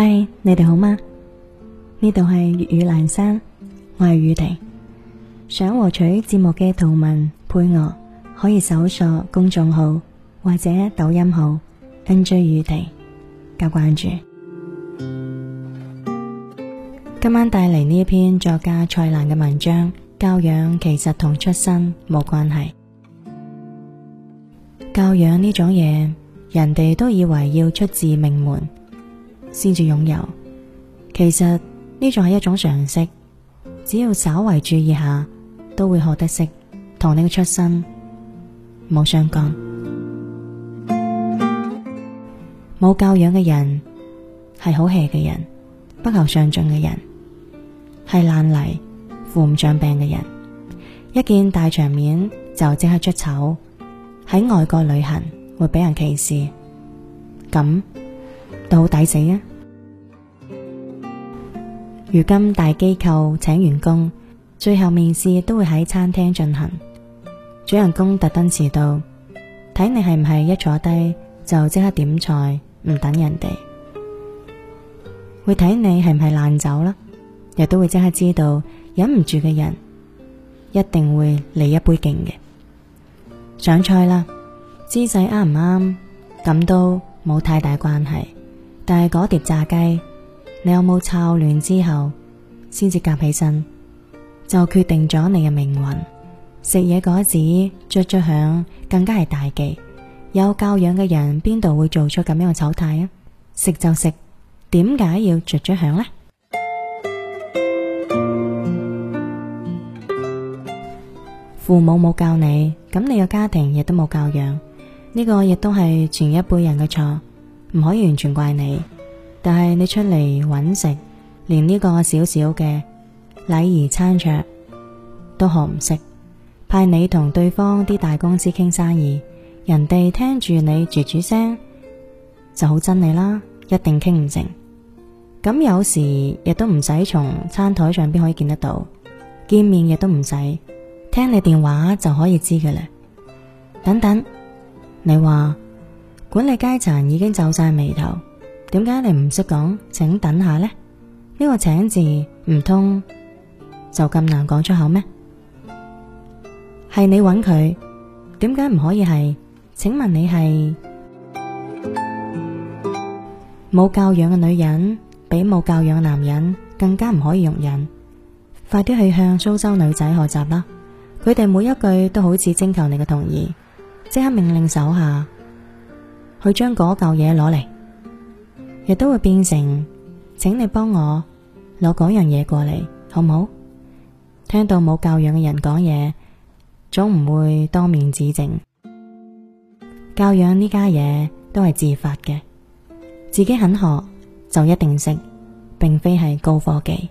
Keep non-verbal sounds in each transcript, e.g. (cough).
嗨，Hi，你哋好嗎？呢度係粵語闌珊，我係雨婷。想獲取節目嘅圖文配樂，可以蒐索公眾號或者抖音號 N J 雨婷加關注。今晚帶嚟呢一篇作家蔡瀾嘅文章，教養其實同出身冇關係。教養呢種嘢，人哋都以為要出自名門。先至擁有，其實呢仲係一種常識，只要稍為注意下，都會學得識。同你嘅出身冇相干，冇 (music) 教養嘅人係好氣嘅人，不求上進嘅人係爛泥，扶唔上病嘅人，一見大場面就即刻出醜，喺外國旅行會俾人歧視，咁。都好抵死啊！如今大機構請員工，最後面試都會喺餐廳進行。主人公特登遲到，睇你係唔係一坐低就即刻點菜，唔等人哋。會睇你係唔係爛酒啦，亦都會即刻知道忍唔住嘅人一定會嚟一杯勁嘅。上菜啦。姿勢啱唔啱咁都冇太大關係。但係嗰碟炸雞，你有冇炒亂之後先至夾起身，就決定咗你嘅命運。食嘢嗰時，嚼嚼響，更加係大忌。有教養嘅人邊度會做出咁樣嘅醜態啊？食就食，點解要嚼嚼響呢？ (music) 父母冇教你，咁你個家庭亦都冇教養，呢個亦都係全一輩人嘅錯。唔可以完全怪你，但係你出嚟揾食，連呢個小小嘅禮儀餐桌都學唔識，派你同對方啲大公司傾生意，人哋聽住你住住聲就好憎你啦，一定傾唔成。咁有時亦都唔使從餐台上邊可以見得到，見面亦都唔使聽你電話就可以知嘅啦。等等，你話？管理階層已經皺晒眉頭，點解你唔識講？請等下呢。呢、呢個請字唔通就咁難講出口咩？係你揾佢，點解唔可以係？請問你係冇教養嘅女人，比冇教養嘅男人更加唔可以容忍。快啲去向蘇州女仔學習啦！佢哋每一句都好似徵求你嘅同意，即刻命令手下。去將嗰舊嘢攞嚟，亦都會變成，請你幫我攞嗰樣嘢過嚟，好唔好？聽到冇教養嘅人講嘢，總唔會當面指正。教養呢家嘢都係自發嘅，自己肯學就一定識，並非係高科技。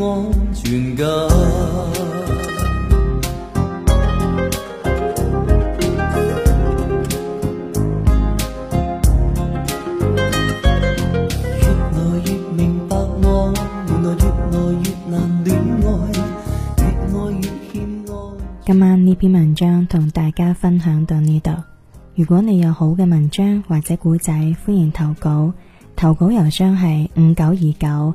今晚呢篇文章同大家分享到呢度。如果你有好嘅文章或者故仔，歡迎投稿。投稿郵箱係五九二九，